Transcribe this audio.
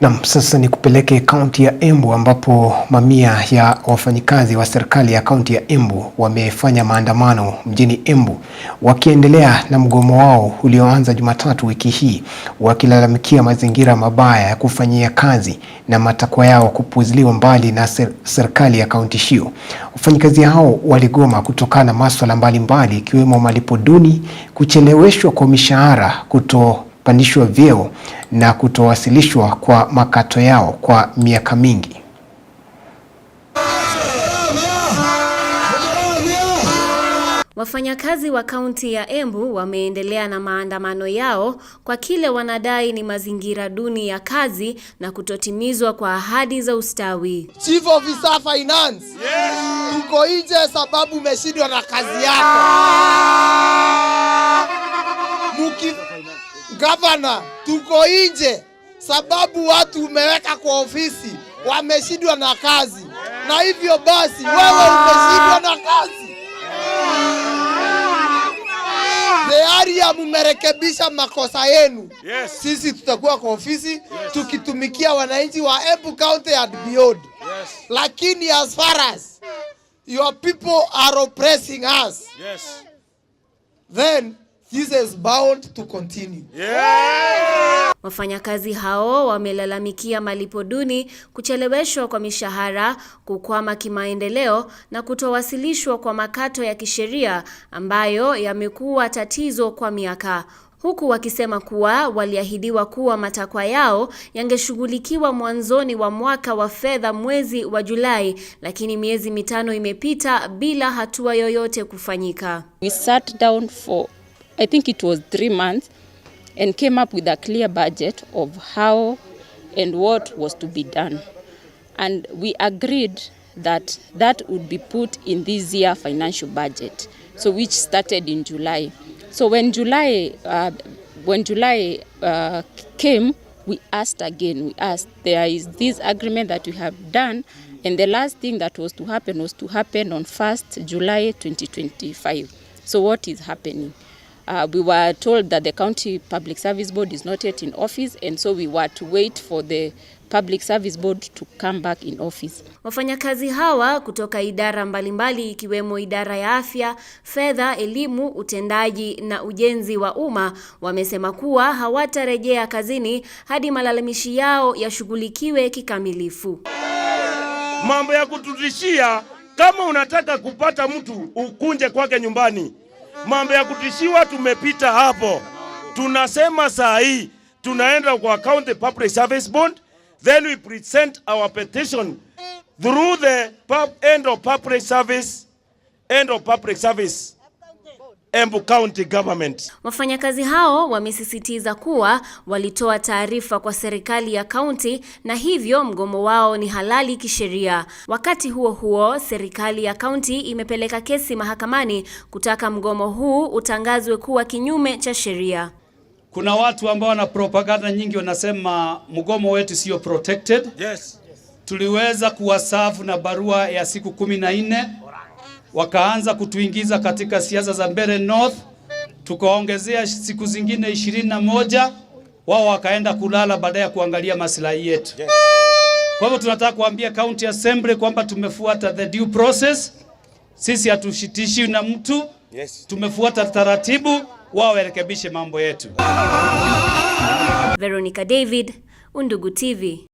Nam, sasa ni kupeleke kaunti ya Embu ambapo mamia ya wafanyikazi wa serikali ya kaunti ya Embu wamefanya maandamano mjini Embu wakiendelea na mgomo wao ulioanza Jumatatu wiki hii wakilalamikia mazingira mabaya ya kufanyia kazi na matakwa yao kupuziliwa mbali na serikali ya kaunti hiyo. Wafanyikazi hao waligoma kutokana na masuala mbalimbali ikiwemo malipo duni, kucheleweshwa kwa mishahara kuto kupandishwa vyeo na kutowasilishwa kwa makato yao kwa miaka mingi. Wafanyakazi wa kaunti ya Embu wameendelea na maandamano yao kwa kile wanadai ni mazingira duni ya kazi na kutotimizwa kwa ahadi za ustawi. Chief Officer Finance, yes. Uko nje sababu umeshindwa na kazi yako. Gavana, tuko nje sababu watu umeweka kwa ofisi wameshindwa na kazi, na hivyo basi wewe umeshindwa na kazi tayari mumerekebisha makosa yenu. Yes. Sisi tutakuwa kwa ofisi. Yes. Tukitumikia wananchi wa Embu County and beyond. Yes. Lakini as far as your people are oppressing us. Yes. Then Jesus bound to continue. Yeah! Wafanyakazi hao wamelalamikia malipo duni, kucheleweshwa kwa mishahara, kukwama kimaendeleo na kutowasilishwa kwa makato ya kisheria ambayo yamekuwa tatizo kwa miaka huku wakisema kuwa waliahidiwa kuwa matakwa yao yangeshughulikiwa mwanzoni wa mwaka wa fedha mwezi wa Julai, lakini miezi mitano imepita bila hatua yoyote kufanyika. We sat down for I think it was three months and came up with a clear budget of how and what was to be done. And we agreed that that would be put in this year financial budget, so which started in July. So when July, uh, when July uh, came, we asked again, we asked, there is this agreement that we have done and the last thing that was to happen was to happen on 1st July 2025. So what is happening? Uh, we were told that the County Public Service Board is not yet in office and so we were to wait for the Public Service Board to come back in office. Wafanyakazi hawa kutoka idara mbalimbali ikiwemo idara ya afya, fedha, elimu, utendaji na ujenzi wa umma wamesema kuwa hawatarejea kazini hadi malalamishi yao yashughulikiwe kikamilifu. Mambo ya kututishia kama unataka kupata mtu ukunje kwake nyumbani. Mambo ya kutishiwa tumepita hapo. Tunasema saa hii tunaenda kwa County Public Service bond then we present our petition through the end of public service, end of public service Embu County Government. Wafanyakazi hao wamesisitiza kuwa walitoa taarifa kwa serikali ya kaunti na hivyo mgomo wao ni halali kisheria. Wakati huo huo, serikali ya kaunti imepeleka kesi mahakamani kutaka mgomo huu utangazwe kuwa kinyume cha sheria. Kuna watu ambao wana propaganda nyingi wanasema mgomo wetu sio protected. Yes. Tuliweza kuwasafu na barua ya siku kumi na nne wakaanza kutuingiza katika siasa za Mbeere North, tukaongezea siku zingine ishirini na moja wao wakaenda kulala baada ya kuangalia maslahi yetu. Kwa hivyo tunataka kuambia County Assembly kwamba tumefuata the due process. Sisi hatushitishi na mtu, tumefuata taratibu, wao warekebishe mambo yetu. Veronica David, Undugu TV.